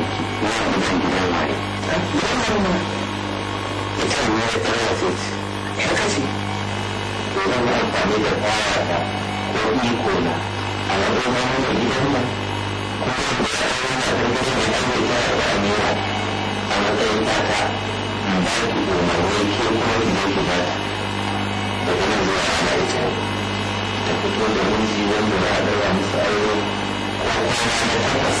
kwanaki na abinan gidan da da ko a wajen wani da gidan nan ko zan da da da a ke fito da miji wanda za a ɗaura aure tabbas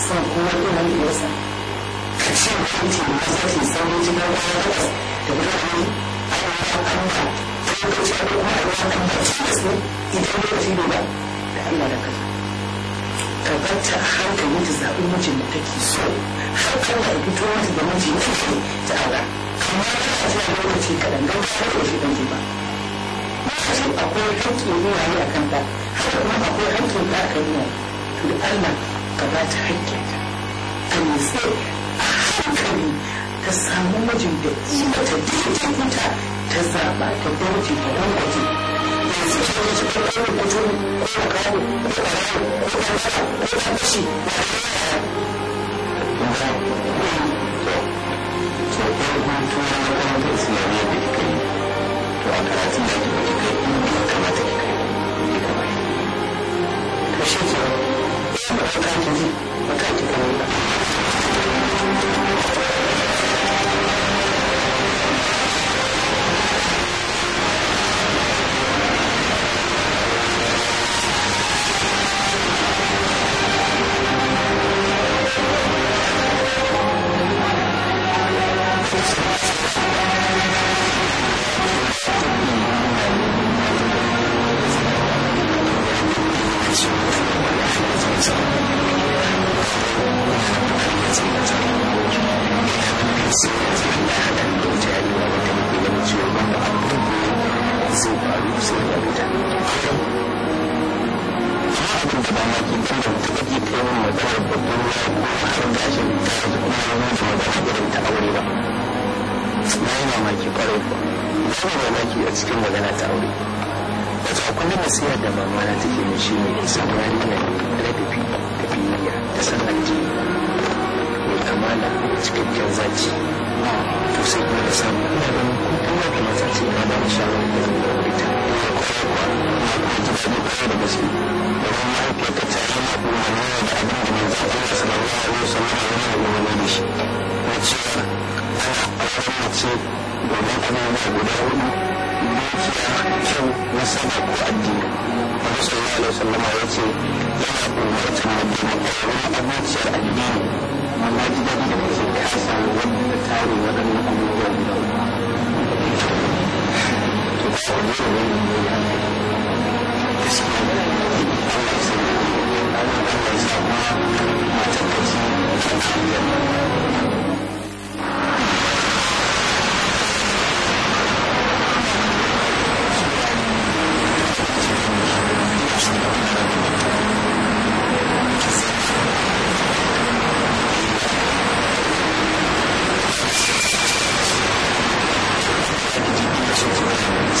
son kuma ina yi masa ka ce wa hanci da maza ke sauri jinar da ya da birane a yi an ba ta lokaci a kuma a ruwa an ba tilas ne idan lokaci ne ba da Allah da kaza ka a hankali ta zaɓi mijin da take so har kan ka fito mata da miji na ke ta aura kamar ta a zuwa lokaci kaɗan don ba lokaci ɗan ke ba. Masu akwai hankin iyaye a kan ɗa, haka kuma akwai hankin ɗa a kan iyaye. To Allah ka ba ta nutse a hankali ta samu mijin da imata daidai ta zaɓa ta bauti ta wangaje ko ko a karatun da kika shi ka baka ji baka ji da mamana take mai shi ne saurari da ladabi da biyayya da sannan jini mai kamala cikakken zaci to sai kuma da samu ina ganin ko kuma kamata ce ka ba shawarar da zan ba da ta yi ma umarni da abin da mai zafi da sanarwa a yau sama da yana gudana da shi na cewa ana guda hudu dukiya kyau na sama ko addini wani sallallahu alaihi wasallama ya ce yana umartar da dama ƙarfin abinciyar addini amma na ji daɗi da kace ka samu wanda tsari waɗannan abubuwa guda to ba sa wani shirin da ne ya ne gaskiya ne Allah ya sani Allah ya sani amma matan ka ce kan shirya Thank you.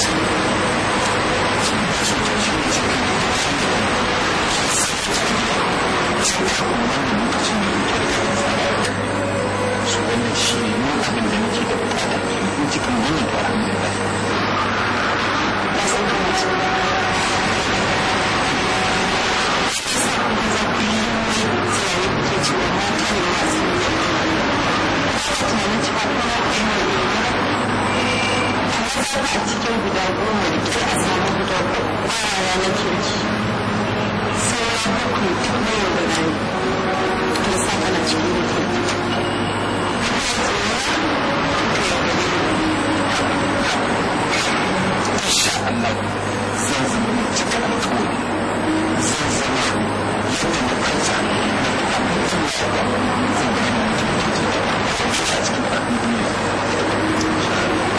所谓的是，没有人气的，人气都没有的。第三，在北京，自然也就没有人气。第四，在南方，也没有。kasashen a cikin guda goma da ke a samu guda ƙwarara na kirki sauran uku na yau da rani da sa ana cikin da ke Insha Allah a cikin abin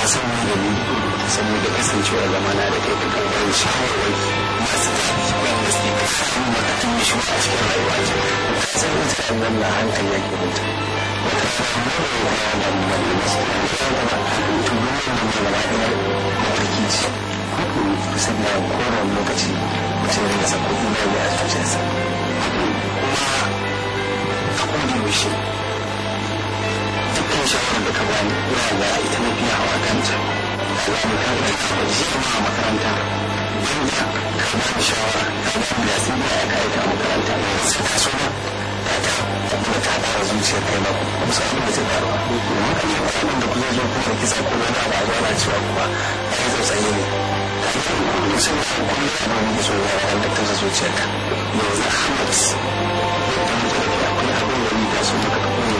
ka san magani saboda kasancewa zamana da kai kakan bayan shawarwari masu tafi wanda suke kasan matakin da shi a cikin rayuwa ce ka san wata annan na hankali yake mutu wata kamar da ya yana mai masu da ya zama a rubutu da mataki ce haka ne kusan da koren lokaci mutum da sabbin da ya zuciyarsa kuma a kowane yaushe kan shawarar da ka bani ba ga ita na fiya hawa kanta ba mu ka ga ka ba ji ba makaranta inda ka ba shawara ka ba da sun da aka yi ta makaranta ne su ka so ba ta ta kuma ta tara zuciyar kai ba kuma su abin da ta faruwa kuma haka ne ba abin da kuma zo kuma kisa ko wani abu a zuwa cewa kuma a yi tsautsaye ne musamman kuma kuma da so ya ran da ta zuciyarka yanzu Ahmad dan akwai abin da ni da so maka kuma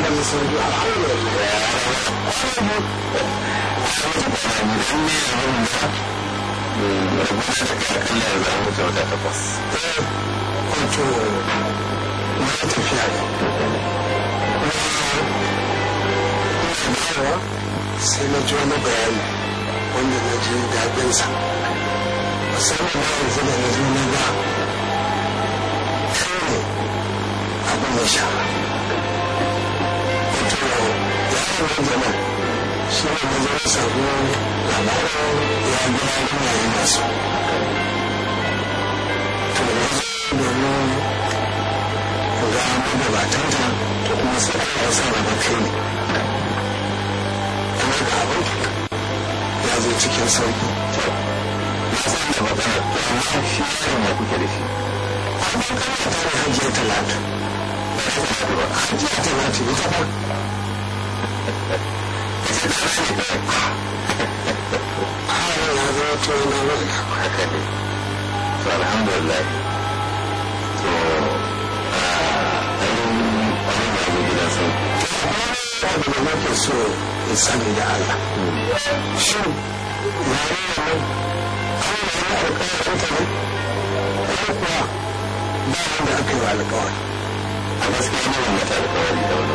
da musulmi alhamdulillah wato wata tafiya ne sai na bayani wanda na ji daɗinsa musamman na da na na cikin zaman shi ne da zai samu labarin ya gina hanyoyi masu to ga magabatanta zo cikin sauƙi ya zama da magana amma shi har ya zama to na maka haka ne to da sani shin ta aka yi wa a gaskiya ne wanda ta alƙawari da wani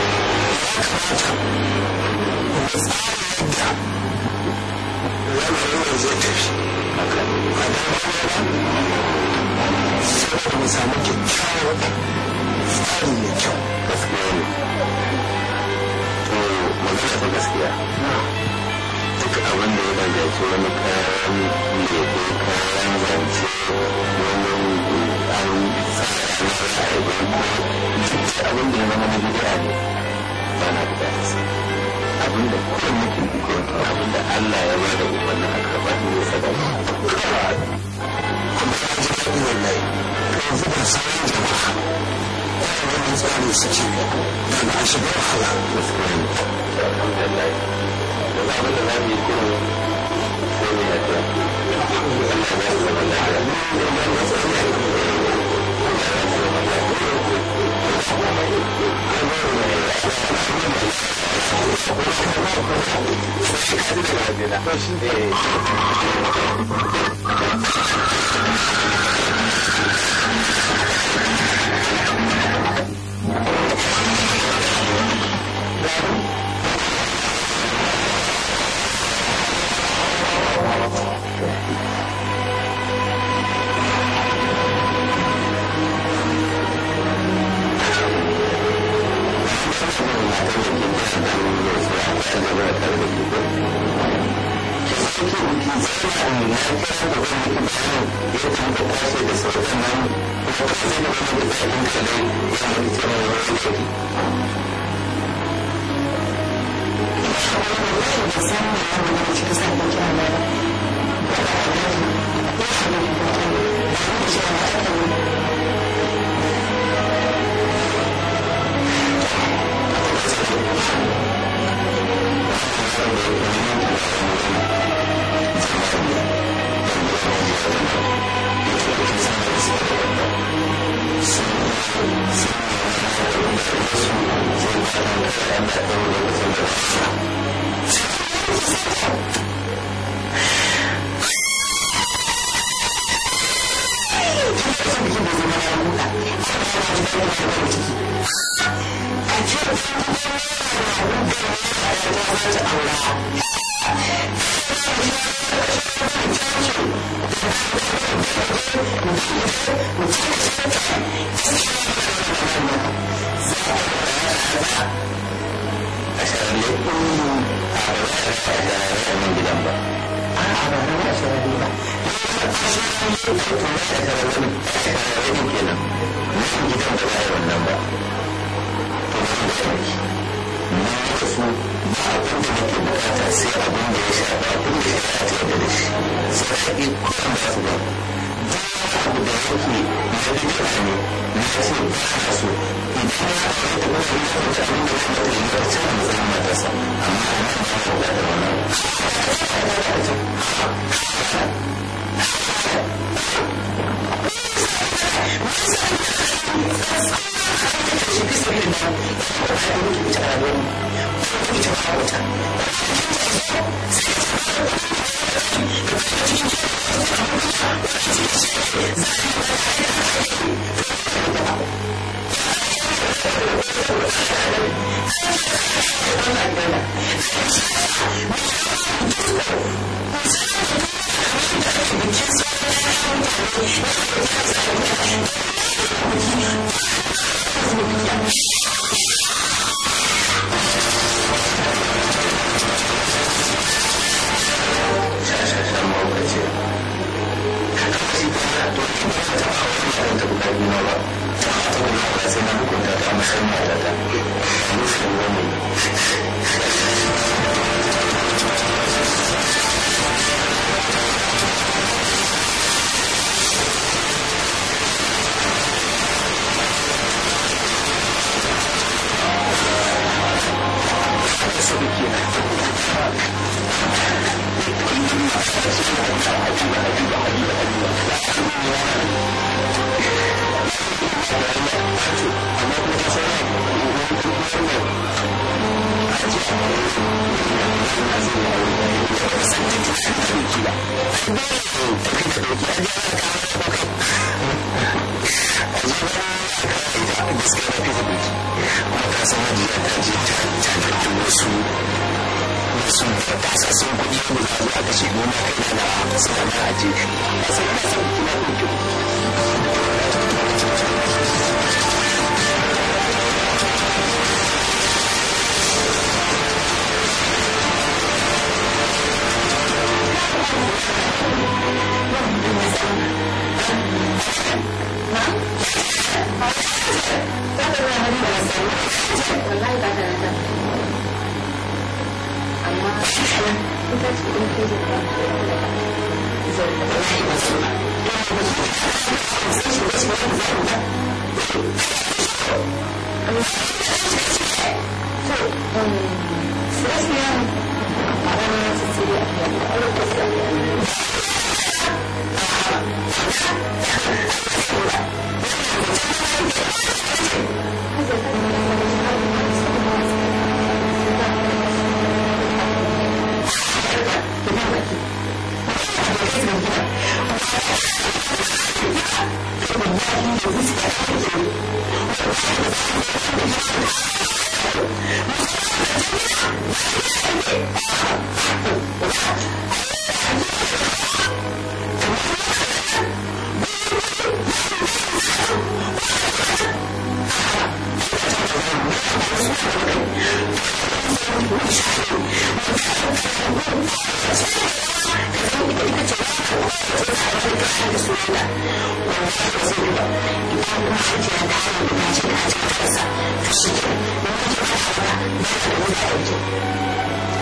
wannan zai tafi mu samu ne duk abin da ko na ra'ayi ko duk da ya zama ne rana guda da su abin da kuma nake bukata abin Allah ya bada umarni a karɓar ne ya saka shi kuma ka ji daɗi wallahi kan zuba sauran jama'a wannan tsari suke da na a shiga wahala alhamdulillah da zaɓin da za mu yi kuma sai mu lafiya Allah ya ba mu zama lafiya 되나? 훨씬 예. 네.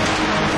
Thank you.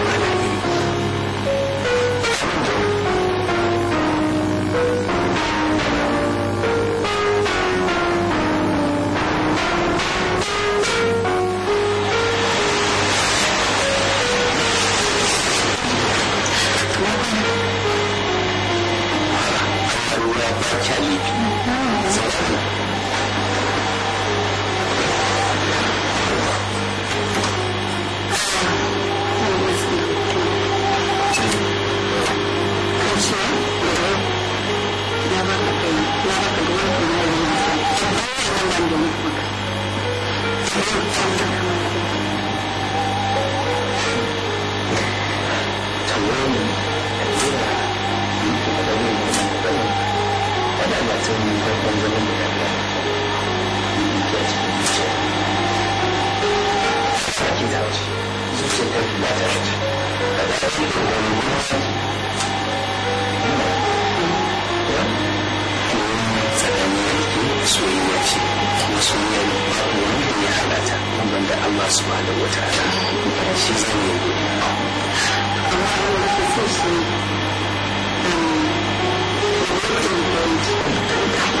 soyayya ce kuma soyayya ne babu wanda ya haɗa ta da Allah subhanahu da shi zan yi amma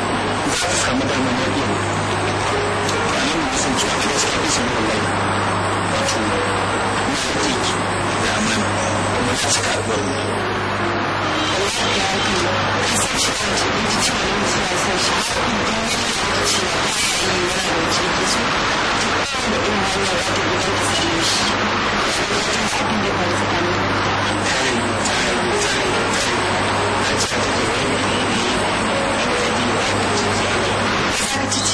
samu damar yaƙi ne kwanan da sun ci a gaskiya bisa ne da amana ta Thank you.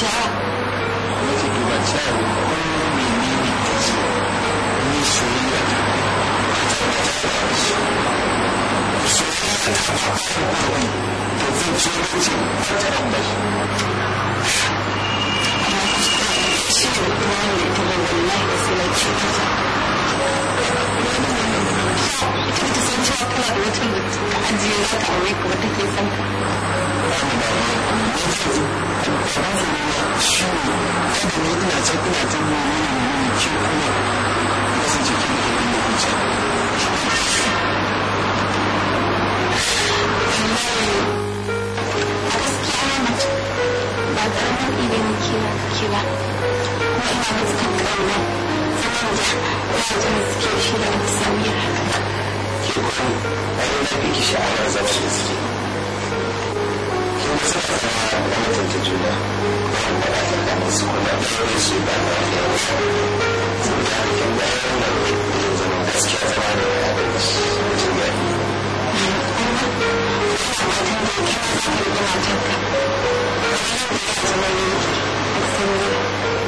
我这就把车往后面移一移，你说，刚才他把车倒了，他再重他才启动了，他没他刚才启动了，他了，他没倒，他刚才启动了，他没倒，他刚才 cewa ita ta san cewa kana da mutum da ka ajiye za ka aure take Ba ƙaramin ilimin kira kira, kuma ina shi a yi na fi sha'awar zama da suke. Kin ga suka zama ba ta da ta zama gaskiya zama da wani Thank you.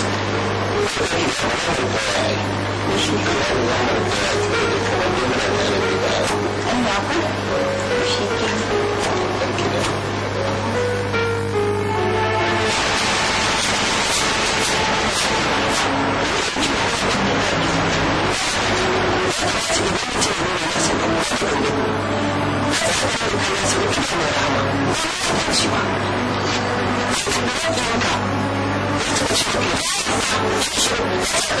sosai musamman da bayan da shugaban zamani da ya zai da kamar da shi Thank you. よしそれを。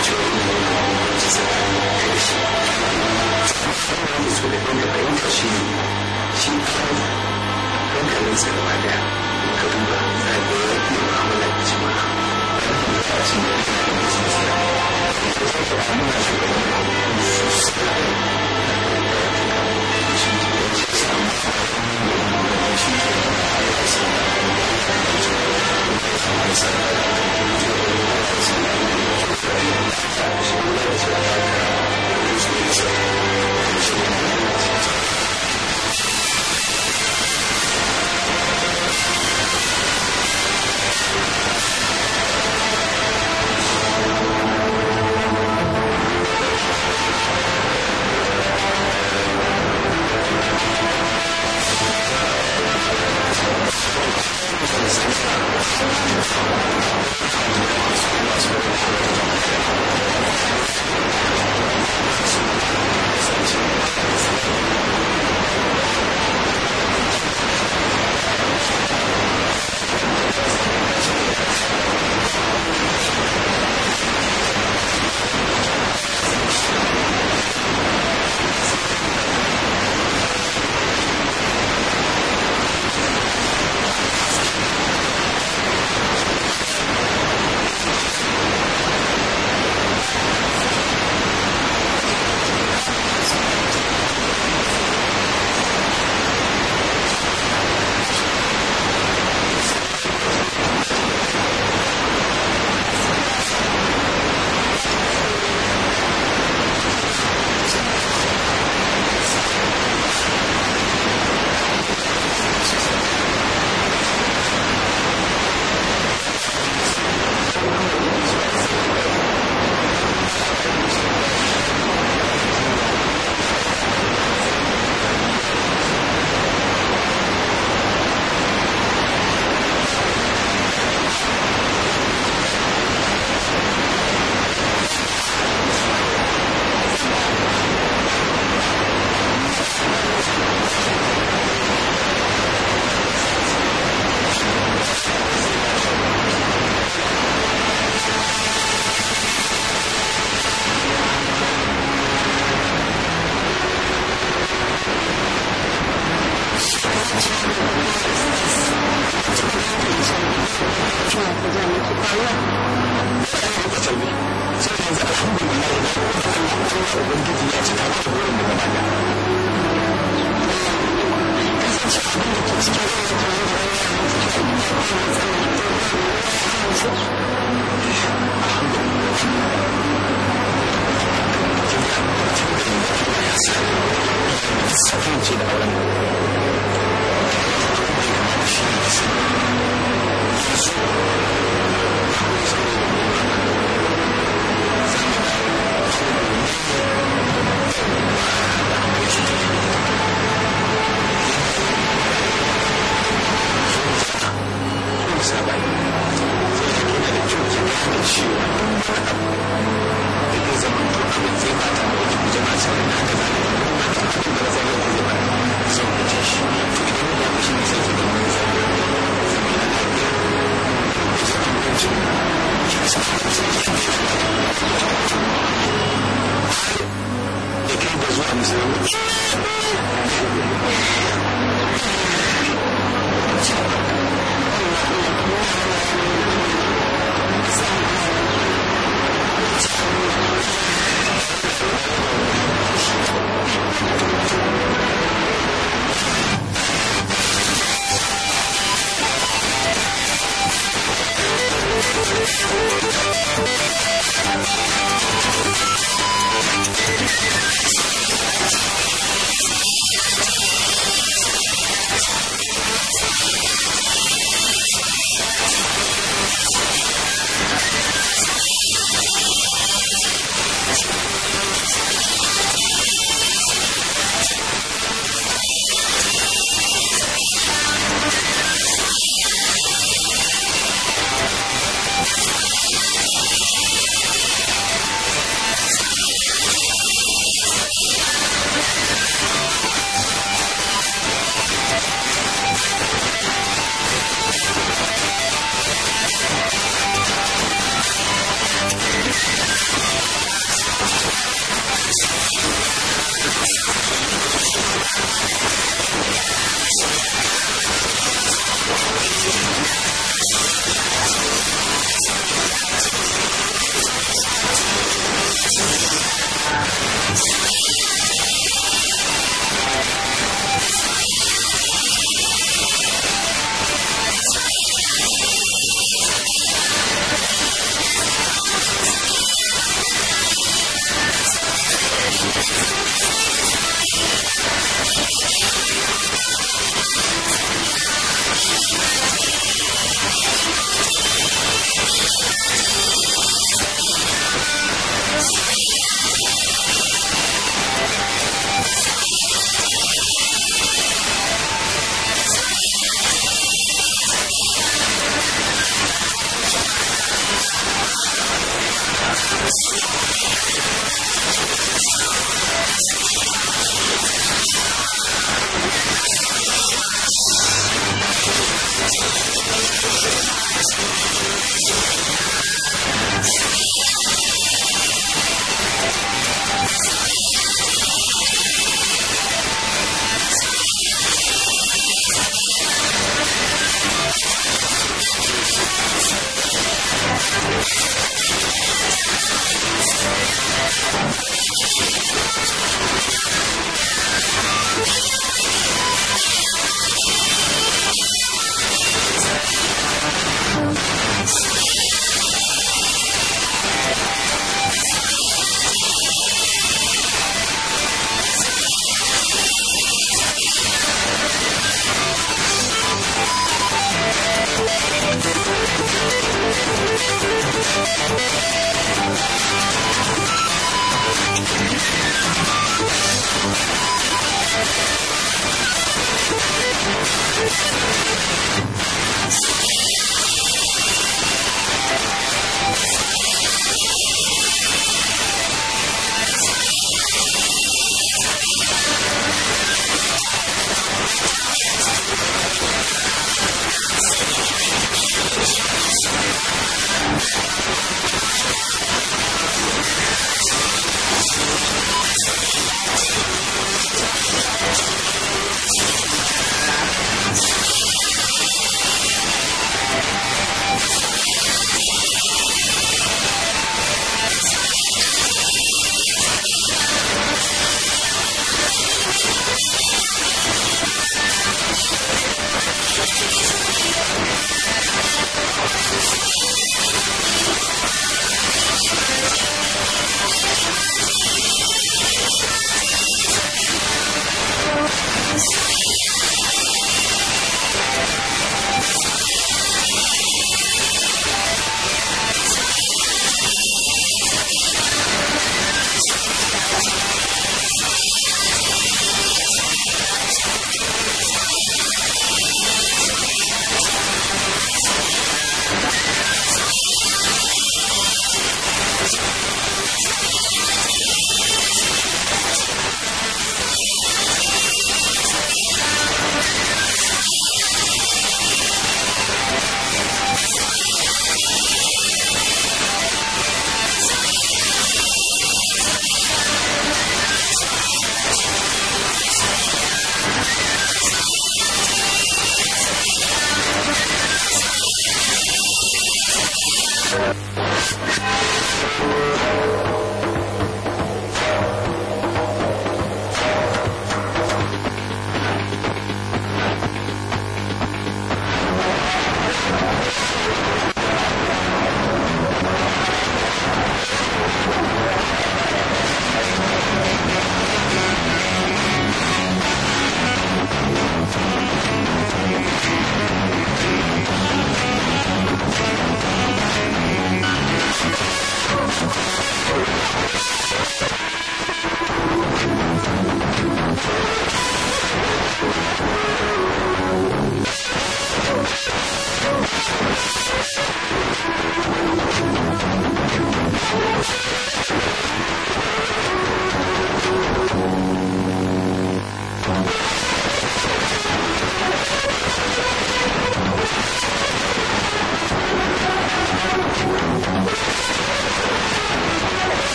就我们自己在那边开心，我们出来外面很开心，心宽，外面人怎么排练，可不管，在我有他们的情况下，开心，开心，所以说我们还是能够舒适，心情多轻松，心情多潇洒，心情多自在，心情多自在。三生六死，五世七生，九世十生。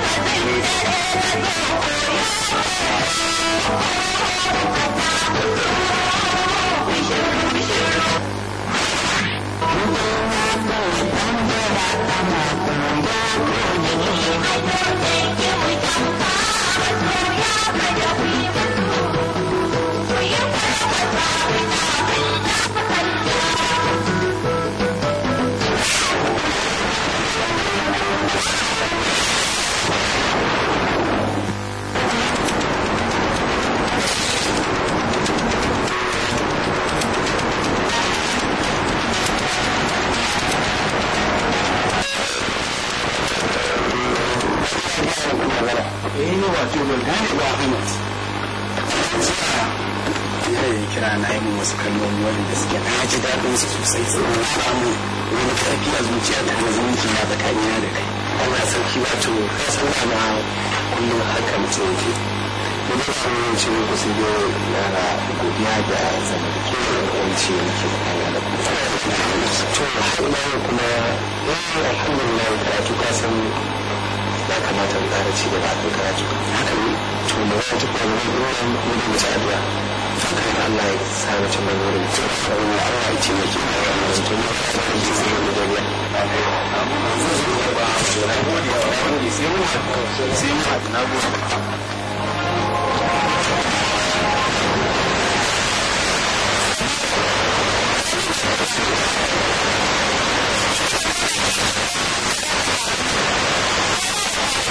Thank you. wato bai gane ba Ahmad ya yi kira na yi wasu kalmomi da suke na ji daɗin su sosai suna samun wani ƙarfi a zuciya ta na zumunci na tsakanina da kai ana sarki wato kasan na kullum haka mutum yake wani samun ce ku sai dai yara godiya da zamantakewar yanci yake tsakana da kuma to har kuma ya eh, alhamdulillah karatu kasan ya kamata mu ƙara ci gaba da karatu haka ne to mu ga duk wani wani mu da mutu addu'a fakan Allah ya sa mu cin wani wurin to Allah ya ce mu ki da wannan to mu fara ji sai mu da biya sai mu na gode Thank you.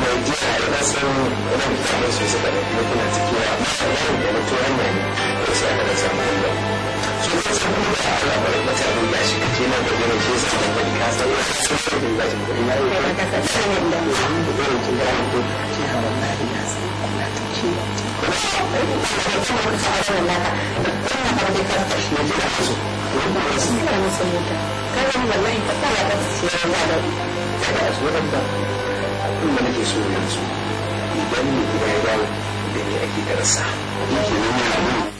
mai jiya na san ran mutane da suka da kuma kuna ciki a da mutuwar mai da su aka da samun idan mai gida ya dawo da ne ake karasa yake nuna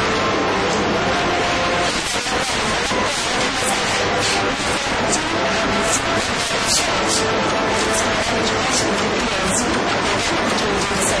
I'm gonna go to the